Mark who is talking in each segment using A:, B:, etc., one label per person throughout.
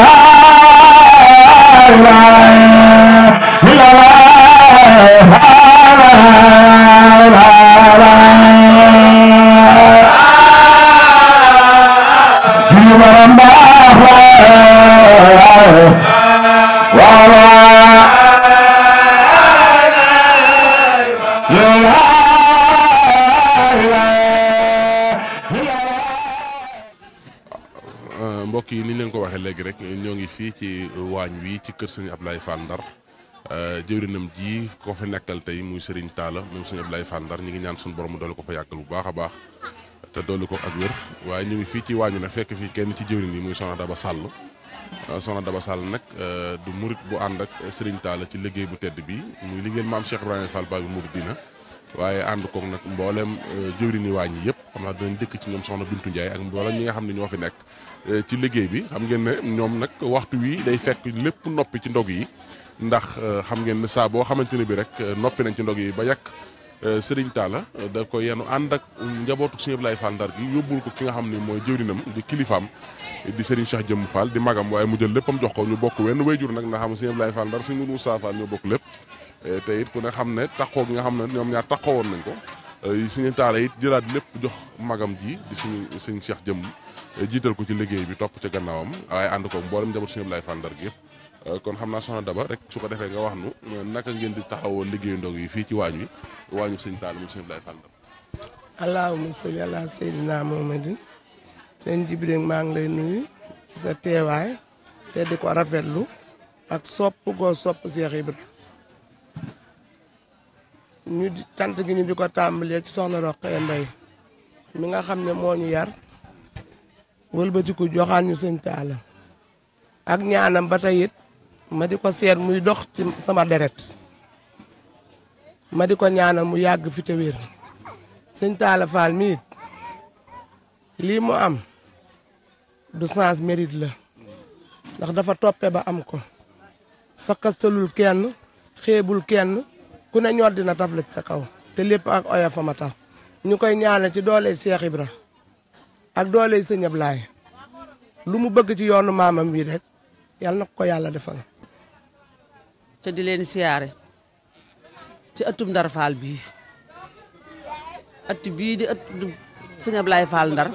A: Allah
B: sëñ Abdoulaye Fall Ndar jeurinam ji ko fa nekkal tay muy Serigne tala mom sëñ Abdoulaye Fall Ndar ngi ñaan suñu borom mu ko fa yàggal bu baaxa baax te dolli ko ak wër waaye ñu ngi fi ci wañu na fekk fi kenn ci jeurin bi muy sonna Daba Sall sonna Daba Sall euh, euh du mourid bu ànd ak Serigne tala ci liggey bu tedd bi muy liggey maam Cheikh ibrahim Fall mourid dina waaye ànd koog nag mboolem euh, jëwriñu waañ yi yëpp xam naa dinañ dëkk ci ñoom soxna Bintu Ndiaye ak mboolem ñi nga xam ne ñoo fi nekk euh, ci liggéey bi xam ngeen ne ñoom nag waxtu wi day fekk lépp noppi ci ndog yi ndax euh, xam ngeen ne saa boo xamante ne bi rek noppi nañ ci ndog yi ba yàq Serigne Talla da ko yenu ànd ak njabootu si Abdoulaye Fall Ndar gi yóbbul ko ki nga xam ni mooy jëwriñam di kilifaam di Serigne Cheikh Jëmm Fall di magam waaye mu jël léppam jox ko ñu bokk wenn wayjur nag nga xam Serigne Abdoulaye Fall Ndar Serigne Moussa Fall bokk lépp Eh, te it ku ne xamne takko gi nga xamne ñom ñaar takko won nañ ko eh, suñu taara yit jëlaat lepp jox magam ji di suñu suñu Cheikh jëm eh, jital ko ci liggéey bi top ci gannaawam ay and ko mbolam njaboot suñu lay fandar Ndar gi kon xamna naa soxna Daba rek su ko defee nga wax nu naka ngeen di taxawoo liggéeyu ndog yi fi ci wañu wañu waañu taala mu suñu lay fandar
C: allahumma salli ala sayyidina muhammadin seen jibril ma ngi lay nuyu sa teewaay te di ko rafetlu ak sop go sop Cheikh ibrahim ñu di cant gi ñu di ko tàmbalee ci soxna Roqee Mbay mi nga xam ne moo ñu yar wëlbatiku joxaan ñu sëñ Taala ak ñaanam ba tey ma di ko seet muy dox ci sama deret ma di ko ñaanam mu yàgg fi te wér sëñ Taala Faal mi it lii mu am du sens merit la ndax dafa toppe ba am ko fakkastalul kenn xeebul kenn ku ne ñor dina taf la ci sa kaw te lepp ak oya fa ma tax ñu ñaanal ci doole Cheikh Ibra ak doole seigne Ablaay lu mu bëgg ci yoonu mamam
D: bi rek yalla na
C: ko defal.
D: te di len siaré ci atum dar fal bi ëtt bi di at seigne Ablaay fal Ndar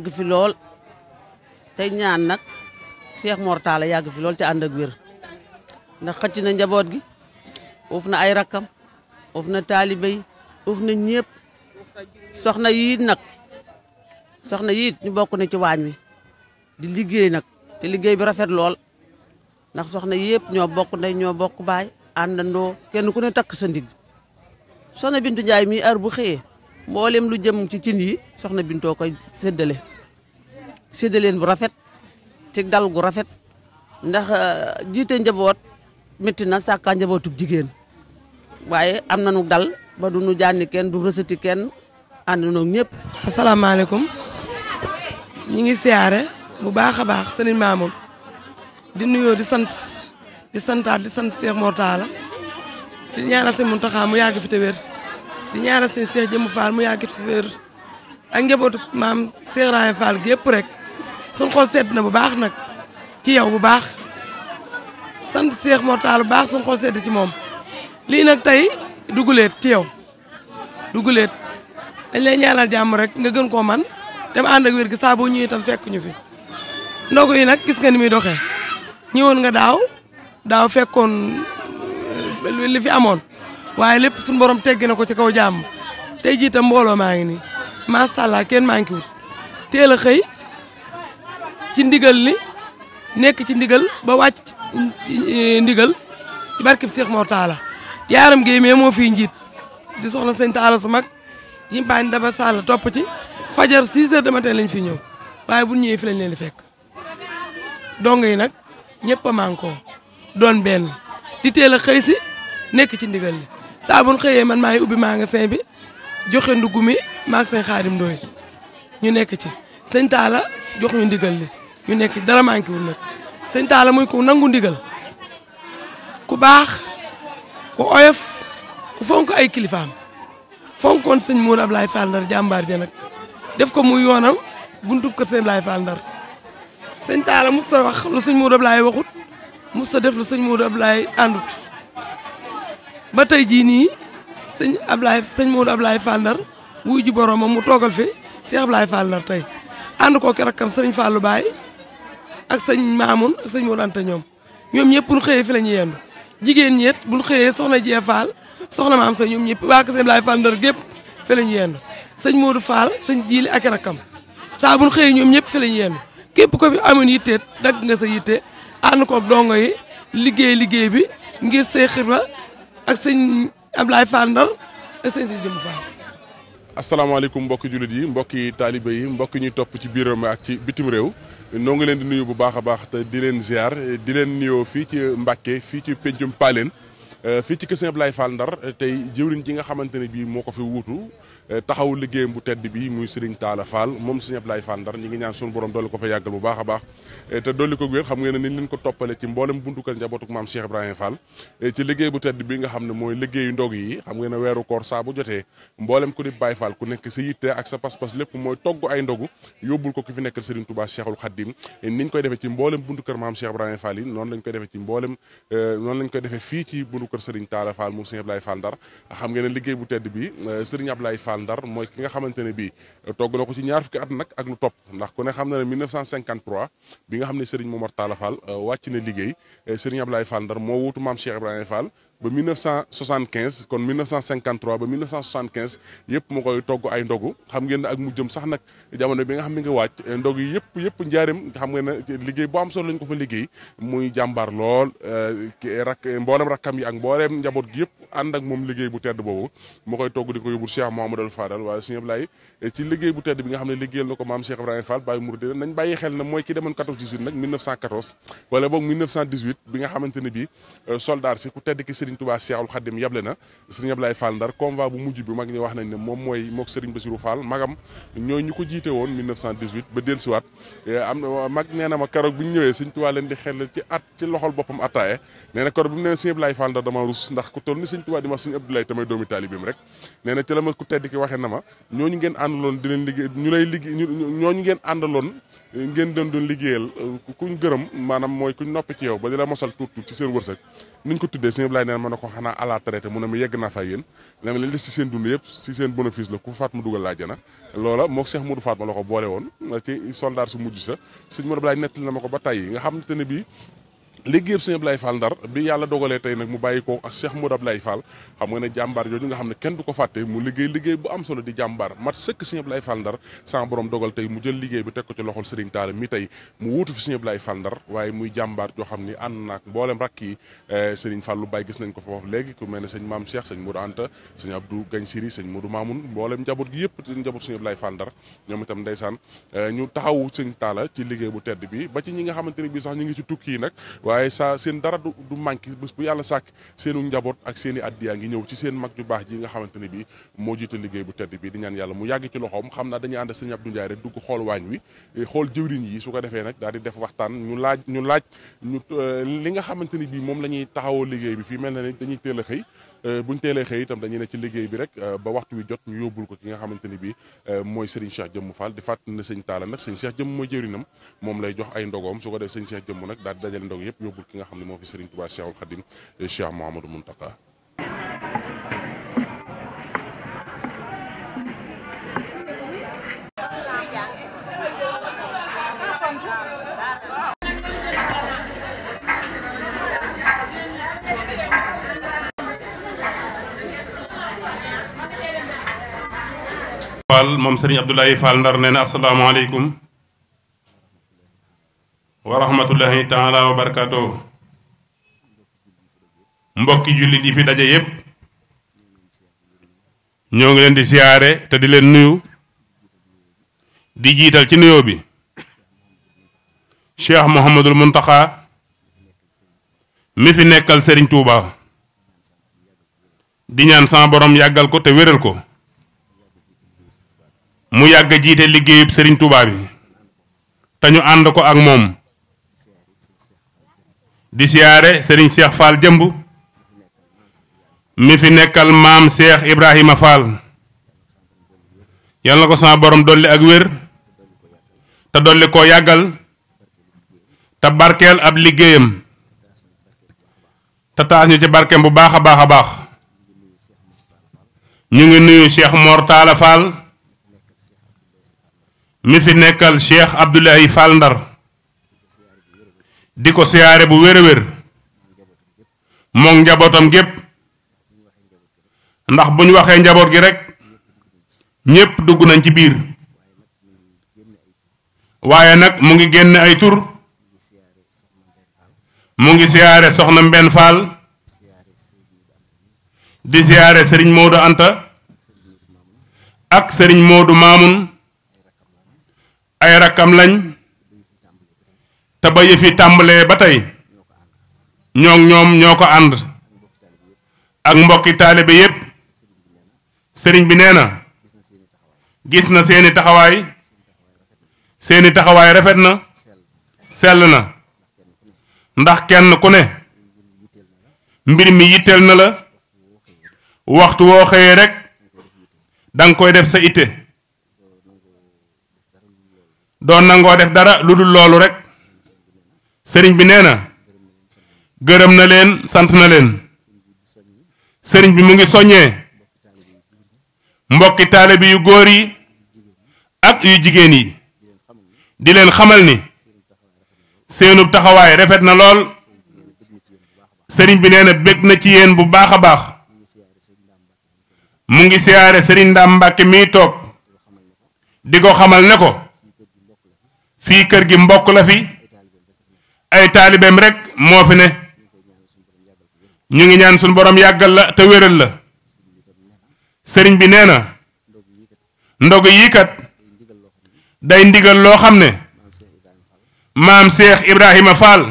D: ñu fi lool ñaan nak Cheikh Mortala fi lool te and ak ndax xati na njabot gi. uuf na ay rakkam uuf na taalibe yi uuf na ñëpp soxna yiit nag soxna yiit ñu bokk na ci waañ wi di liggéey nag te liggéey bi rafet lool ndax soxna yëpp ñoo bokk ndey ñoo bokk baay àndandoo kenn ku ne takk sa ndig soxna Bintu Njaay mii ar bu xëyee mboolem lu jëm ci cin yi soxna Bintoo koy séddale séddaleen bu rafet te dal gu rafet ndax euh, jiite njaboot métti na sàkkaa njabootug jigéen waaye am nañu dal ba du nu jànni kenn du rësati kenn ànd noog ñëpp. asalaamaaleykum ñi ngi siyaare bu baax
C: a baax sëriñ Mamoun di nuyoo di sant di santaat di sant Cheikh Mortala di ñaanal sëñ Mountakha mu yàgg fi te wér di ñaanal sëñ Cheikh Jëmm Fall mu yàgg fi wér ak njabootu maam Cheikh Rahim Fall gépp rek sun xol sedd na bu baax nag ci yow bu baax sant Cheikh Mortala bu baax sun xol sedd ci moom. lii nag tey duguleet ci yow duguleet dañ lay ñaanal jàmm rek nga gën ko man dem ànd ak wér gi saa boo ñëwee itam fekk ñu fi ndogu yi nag gis nga ni muy doxe ñëwoon nga daaw daaw fekkoon euh, li fi amoon waaye lépp suñu borom teggi na ko ci kaw jàmm tey jii mbooloo maa ngi nii macha allah kenn maa ngi wut teel a xëy ci ndigal li nekk ci ndigal ba wàcc ci ndigal ci barkib Seex Mor Talla yaaram géey mais moo fiy njiit di soxna sëñ taala su mag yimpaañ daba sall topp ci fajar 6 heures de matin lañ fi ñëw waaye bu ñëwee fi lañ leen di fekk dong yi nag ñëpp a doon benn di teel a xëy si nekk ci ndigal li saa bu xëyee man maa ngi ubbi magasin bi joxe ndugg mi maag sëñ xaadim ndooy ñu nekk ci sëñ taala jox ñu ndigal li ñu nekk ci dara manqué wul nag sëñ taala muy ku nangu ndigal ku baax ku oyof fonk ay kilifaam fonkoon sëñ Mourou Ablaye Fall Ndar jàmbaar ja nag def ko muy yoonam buntub kër sëñ Ablaye Fall Ndar sëñ Talla mos a wax lu sëñ Mourou Ablaye waxut tey jii nii sëñ sëñ Mourou Ablaye Fall Ndar wuy ji boromam mu toogal fi Cheikh Ablaye Fall Ndar tey ànd ko ki rakkam sëriñ Fallou Baye ak sëñ Mamoun ak sëñ Mourou Anta ñoom ñoom ñëpp ñu fi la ñuy yendu jigéen ñeet bu ñu xëyee soxna Jee Fall soxna maam sa ñoom ñëpp waa Kassim Laay Fall Ndar gépp fi la ñu yendu sëñ Modou Fall sëñ Jiili ak rakam saa bu ñu ñoom ñëpp fi la képp ko fi amun yitte dagg nga sa yitte ànd koog dongo yi liggéey liggéey bi ngir say xirba ak sëñ Ablaye Fall Ndar ak sëñ si jëm Fall.
B: asalaamaaleykum mbokki jullit yi mbokki taalibe yi mbokki ñu topp ci biiram ak ci bitim réew noo ngi leen di nuyu bu baax a baax te di leen ziar di leen nuyoo fii ci Mbàkke fii ci péncum Paaleen Euh, fii ci kër Sëñ Abdoulaye Fall Ndar euh, tey jëwriñ ji nga xamante ne bii moo ko fi wuutu euh, taxaw liggéeyam bu tedd bi muy Serigne Talla Fall moom Sëñ Abdoulaye Fall Ndar ñi ngi ñaan suñu borom dolli ko fa yàggal bu baax a baax te dolli ko wér xam ngeen ne niñ ko toppale ci mboolem buntu kër njabootuk maam Cheikh Ibrahima Fall ci liggéey bi nga xam ne mooy liggéeyu ndog yi xam ngeen ne weeru koor saa bu jotee mboolem ku di Baye ku nekk sa yitte ak sa pas-pas lépp mooy togg ay ndogu yóbbul ko ki fi nekkal Serigne Touba Cheikhul Khadim niñ koy defee ci mboolem buntu kër maam Cheikh Ibrahima Fall yi noonu lañ koy defee ci mboolem noonu lañ koy defee fii ci kër Serigne Talla Fall moom Serigne Ablaye Fall Ndar xam ngeen ne liggéey bu tedd bi euh, Serigne Ablaye Fall Ndar mooy ki nga xamante ne bii euh, togg na ko ci ñaar fukki at nag ak lu topp ndax ku ne xam na ne 1953 bi nga xam ne Serigne Momar Talla Fall euh, wàcc ne liggéey Serigne Ablaye Fall Ndar moo wuutu maam Cheikh Ibrahima Fall ba 1975 kon 1953 ba 1975 yëpp ma koy togg ay ndogu xam ngeen ne ak mujjëm sax nag jamono bi nga xam nga wàcc eh, ndog yi yëpp yëpp xam ngeen liggéey bu am solo lañ ko fa liggéey muy lool eh, eh, rak mboolem rakkam yi ak mbooleem gi ànd ak moom liggéey bu tedd boobu mu koy togg di ko yóbbul Cheikh Mouhamadou Fadal waaye Serigne Ablaye eh, ci liggéey bu tedd bi nga xam ne liggéeyal na ko maam Cheikh Ibrahima Fall Baye bi nga eh, mujj bi mag ñi wax nañ ne moom mooy mook Serigne Bassirou Fall magam ñooy ñu ko jiite woon 1918 ba dellusiwaat eh, am mag nee ma keroog bu ñëwee Serigne Touba leen di xel ci at ci loxol boppam attaaye nee na keroog bu mu nee Serigne Ablaye Fall Ndar dama rus ndax ku toll ni sëñ Tuubaa di ma sëñ Abdoulaye tamay doomi taalibeem rek nee na la ma ku tedd ki waxee na ma ñooñu ngeen àndaloon di leen liggéey ñu eh, eh, gërëm maanaam mooy kuñ noppi ci yow ba di la mosal tuut tuut ci seen wërsëg nuñ ko tuddee sëñ Abdoulaye nee na ma ne ko xanaa à la traité mu ne yegg naa fa yéen nee na leen des ci seen dund yëpp ci seen bénéfice la ku faat mu dugal laajana loola mook Cheikh Modou Fatma la ko boole woon ci soldaar su mujj sa sëñ Modou liggéeyub sëñ Ablaye Fall Ndar bi yàlla dogalee tey nag mu bàyyi ko ak Cheikh Modou Ablaye Fall xam nga ne jàmbaar jooju nga xam ne kenn du ko fàtte mu liggéey liggéey bu am solo di jàmbaar mat sëkk sëñ Ablaye Fall Ndar sans mu jël liggéey bi teg ko ci loxol Serigne Talla mi tey mu wuutu fi sëñ Ndar waaye muy jàmbaar joo xam ne ànd naak mboolem rakk yi eh, Serigne Fallou Baye gis nañ ko foofu léegi ku mel ne sëñ Maam Cheikh sëñ Modou Anta sëñ Abdou Gagne Siri sëñ Modou Mamoun mboolem njaboot gi yëpp sëñ njaboot sëñ Ablaye Fall Ndar ñoom itam ndeysaan eh, ñu taxaw sëñ Talla ci liggéey bu tedd bi ba ñi nga xamante ni bi sax ñu ngi ci tukki yi nag waye sa seen dara du du manqué bés bu yalla sak seenu njabot ak seen adiya ngi ñew ci seen mag ju bax ji nga xamanteni bi mo jitté liggéey bu tedd bi di ñaan yalla mu yagg ci loxom xamna dañuy and sëñ Abdou ndjay rek dugg xol wañ wi eh, xol jëwriñ yi su ko di def waxtaan ñu laaj ñu laaj ñu eh, li nga xamanteni bi mom lañuy taxawoo liggéey bi fi melni dañuy téle xey Euh, bu ñu teelee xëy itam dañu ne ci liggéey bi rek euh, ba waxtu wi jot ñu yóbbul ko ki nga xamante ni bi euh, mooy Serigne Cheikh Jëmm Fall di fàttali ne sëñ Taala nag sëñ Cheikh Jëmm mooy jëwrinam moom lay jox ay ndogoom su ko def sëñ Cheikh Jëmm nag daal di dajale ndog yëpp yóbbul ki nga xam ne moo fi Serigne Touba Cheikhul Khadim Cheikh Mouhamadou Mountakha
A: Fall moom Serigne Abdoulaye Fall Ndar nee na asalaamaaleykum wa rahmatullahi taala wa barakaatu mbokki jullit yi fi daje yépp ñoo ngi leen di siyaare te di leen nuyu di jiital ci nuyoo bi Cheikh Mouhamadul Muntaxa mi fi nekkal Serigne Touba di ñaan sama borom yàggal ko te wéral ko. mu yàgg a jiite liggéeyub Serigne Touba bi te ñu ànd ko ak moom di siyaare Serigne Cheikh Fall jëmb mi fi nekkal maam Cheikh Ibrahima Fall yàlla ko sama borom dolli ak wér te dolli koo yàggal te barkeel ab liggéeyam te taas ñu ci barkeem bu baax a baax a baax ñu ngi nuyu Cheikh Fall. mi fi nekkal Cheikh Abdoulaye Fall Ndar di ko siyaare bu wér a njabootam gépp ndax bu waxee njaboot gi rek ñépp dugg nañ ci biir waaye nag mu ngi génn ay tur mu ngi siyaare soxna Mbenn Fall di siyaare Serigne Modou Anta ak Serigne Modou Mamoun ay rakkam lañ te ba yëfi tàmbalee ba tey ñoom ñoom ñoo ko ànd ak mbokki taalibe yépp sëriñ bi nee na gis na seeni taxawaay seeni taxawaay rafet na sell na ndax kenn ku ne mbir mi yitteel na la waxtu woo xëyee rek danga koy def sa itte doon nangoo def dara lu dul loolu rek sëriñ bi nee na gërëm na leen sant na leen sëriñ bi mu ngi soññee mbokki taalibe yu góor yi ak yu jigéen yi di leen xamal ni seenub taxawaay rafet na lool sëriñ bi nee na bég na ci yéen bu baax a baax mu ngi siyaare sëriñ ndaa Mbàkke miy toog di ko xamal ne ko Fikar keur gi mbokk la fi ay talibem rek mo fi ne ñu ngi ñaan suñu borom yagal la te wéral la sëriñ bi neena ndog yi kat day ndigal lo xamne mam Cheikh ibrahim Fall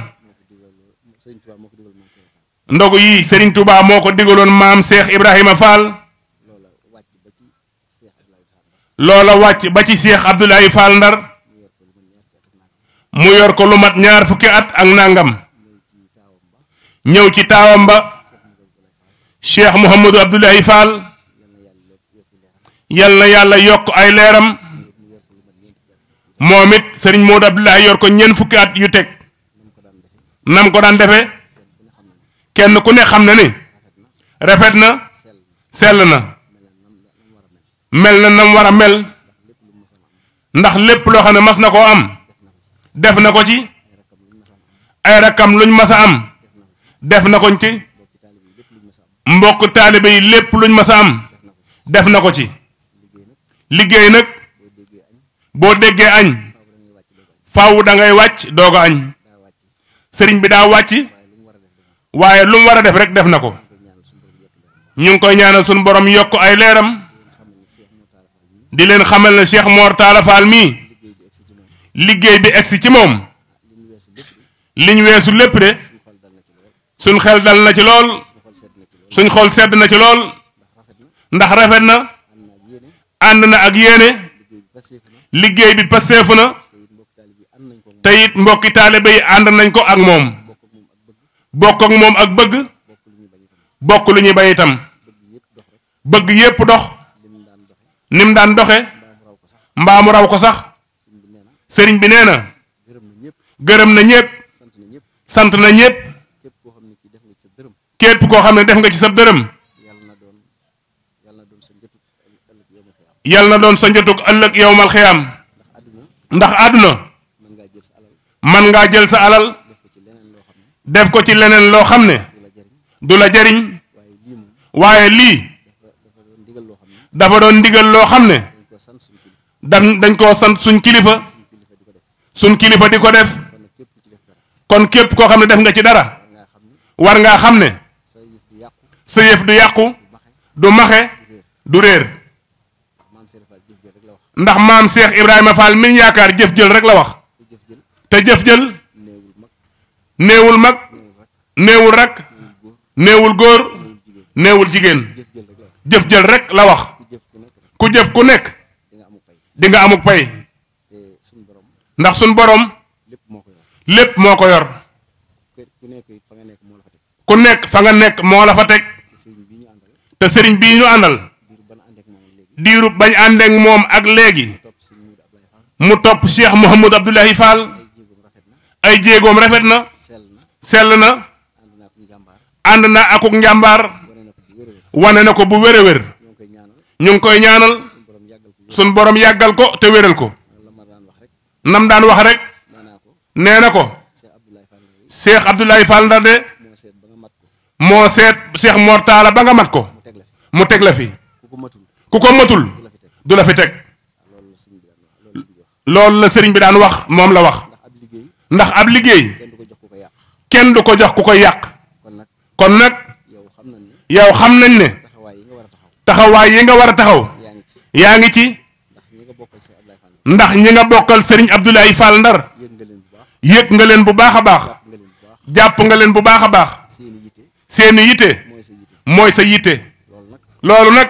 A: ndog yi sëriñ Touba moo ko digaloon Cheikh Fall lola wacc ba ci Cheikh Abdoulaye Fall ndar. mu yor ko lu mat ñaar fukki at ak nangam ñëw ci taawam ba cheikh Mouhamadou Abdoulaye Fall yal na yàlla yokk ay leeram moom it sëriñ Modou Abdoulaye yor ko ñeent fukki at yu teg nam ko daan defee kenn ku ne xam na ni rafet na sell na mel na nam war a mel ndax lépp loo xam ne mas na koo am. def na ko ci ay rakam luñu massa am def na ko ci mbokk talibey lepp luñu massa am def na ko ci liggey nak bo déggee agn faaw da ngay wacc dogo agn serigne bi da wacc waye lu mu def rek def na ko ñu ngi koy ñaanal suñu borom yok ay leeram di len xamal na Cheikh mortala liggéey bi egsi ci moom li ñu weesu lépp de suñ xel dal na ci lool suñ xol sedd na ci lool ndax rafet na ànd na ak yéene liggéey bi paseefu na te it mbokki taalibe yi ànd nañ ko ak moom bokk ak moom ak bëgg bokk lu ñuy bay itam bëgg yépp dox ni mu daan doxe mbaa mu raw ko sax sëriñ bi neena na gërëm na ñëpp sant na ñëpp képp koo xam ne def nga ci sa dërëm yal na doon sa njotug ëllëg yowmal xiyaam ndax àdduna man ngaa jël sa alal def ko ci leneen loo xam ne du la jariñ waaye lii dafa doon ndigal loo xam ne dañ koo sant suñ kilifa sun kilifa di ko def kon kep ko xamne def nga ci dara war nga xamne seyef du yaqku du maxe du réer ndax mam Cheikh Ibrahima Fall min yakar jef jël rek la wax te jef jël newul mag newul rak newul gor newul jigen jef jël rek la wax ku jef ku di nga amuk pay ndax sun borom lip moko yor ku nek fa nga nek mo la fa tek te serign bi ñu andal diru bañ ak mom ak legi mu top cheikh mohammed abdullahi fall ay jéegoom rafet na sell na ànd na akuk njàmbaar ko bu wéré wér ñu koy ñaanal sun borom yagal ko te wéral ko nam daan wax rek nee na ko Cheikh Abdoulaye Fall Ndar de moo seet Cheikh Mor Talla ba nga mat ko mu teg la fi ku ko matul du la fi teg loolu la sëriñ bi daan wax moom la wax ndax ab liggéey kenn du ko jox ku koy yàq kon nag yow xam nañ ne taxawaay yi nga war a taxaw yaa ngi ci ndax ñi nga bokkal sëriñ Abdoulaye Fall Ndar yëg nga leen bu baax a baax jàpp nga leen bu baax a baax seeni yitte mooy sa yitte loolu nag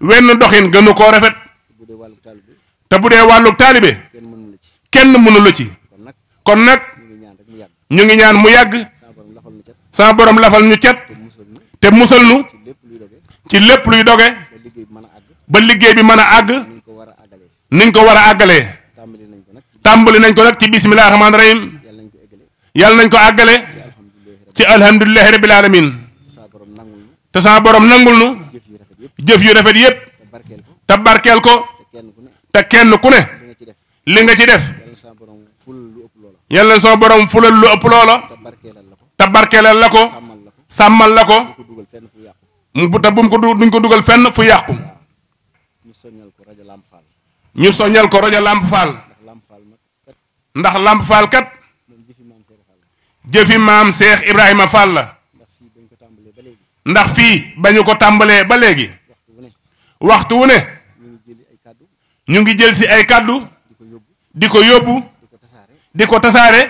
A: wenn doxin gënu koo rafet te bu dee wàllu taalibe kenn mënu la ci kon nag ñu ngi ñaan mu yàgg sama borom lafal ñu cet te musal nu ci lépp luy doge ba liggéey bi mën a àgg ni ko war a àggalee tàmbali nañ ko nag ci bisimilah rahmaani rahim yàlla nañ ko àggale ci alhamdulilahi rabil alamin te sa borom nangul nu jëf yu rafet yépp te barkeel ko te kenn ku ne li nga ci def yàlla na soo borom fulal lu ëpp loola te barkeelal la ko sàmmal la ko mu te bu mu ko duñ ko dugal fenn fu yàqu ñu soñal ko rajo Lamp Fall ndax Lamp Fall kat jeufi mam Cheikh Ibrahima Fall ndax fi bañu ko tambalé ba légui waxtu wu né ñu ngi jël si ay cadeau diko yobbu diko tassaré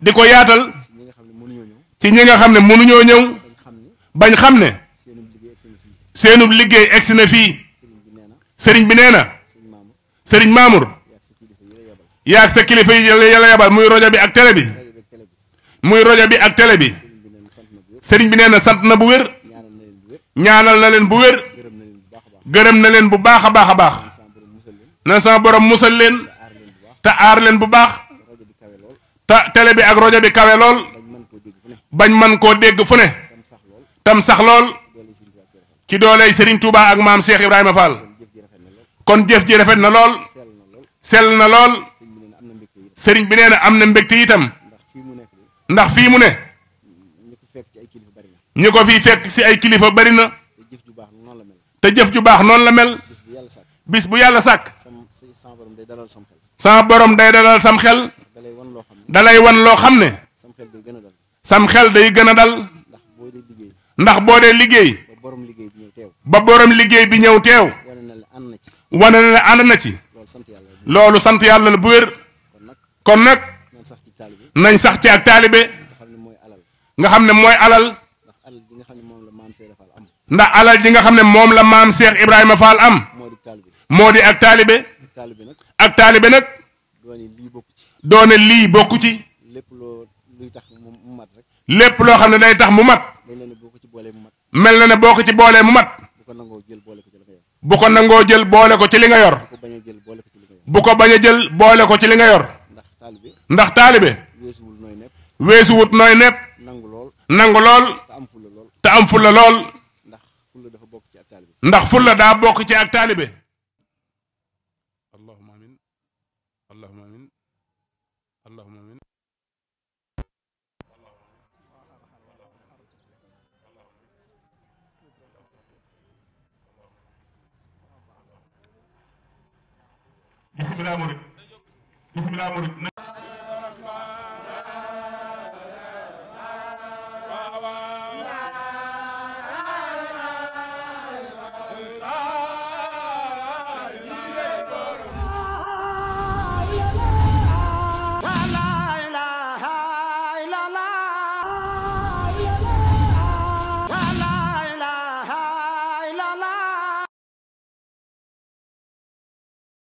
A: diko yaatal ci ñi nga xamné mënu ñoo ñew bañ xamné liggéey bi néna sëriñ Mamour yaag sa kilifa yi yàlla yabal muy rojo bi ak télé bi muy rojo bi ak télé bi sëriñ bi nee na sant na bu wér ñaanal na leen bu wér gërëm na leen bu baax a baax a baax na sama borom musal leen te aar leen bu baax te télé bi ak rojo bi kawe lool bañ man koo dégg fu ne tam sax lool ci dooley sëriñ Touba ak maam Cheikh Ibrahima Fall. kon jëf ji rafet na lool sell na lool sëriñ bi nee na am na mbégte itam ndax fii mu ne ñi ko fii fekk si ay kilifa bari na te jëf ju baax noonu la mel bis bu yàlla sàkk sama borom day dalal sam xel dalay wan loo xam ne sam xel day gën a dal ndax boo dee liggéey ba borom liggéey bi ñëw teew wane na ne ànd na ci loolu sant yàlla la bu wér kon nag nañ sax ci ak taalibe nga xam ne mooy alal ndax alal ji nga xam ne moom la maam Cheikh Ibrahima Fall am moo di ak taalibe ak taalibe nag doone lii bokku ci lépp loo xam ne day tax mu mat mel na ne boo ko ci boolee mu mat bu ko nangoo jël boole ko ci li nga yor. bu ko bañ a jël boole ko ci li nga yor. ndax taalibe. weesuwut nooy nepp. nangu lool. nangu lool. te am fulla lool. ndax fulla daa bokk ci ak taalibe. bismillah murid bismillah murid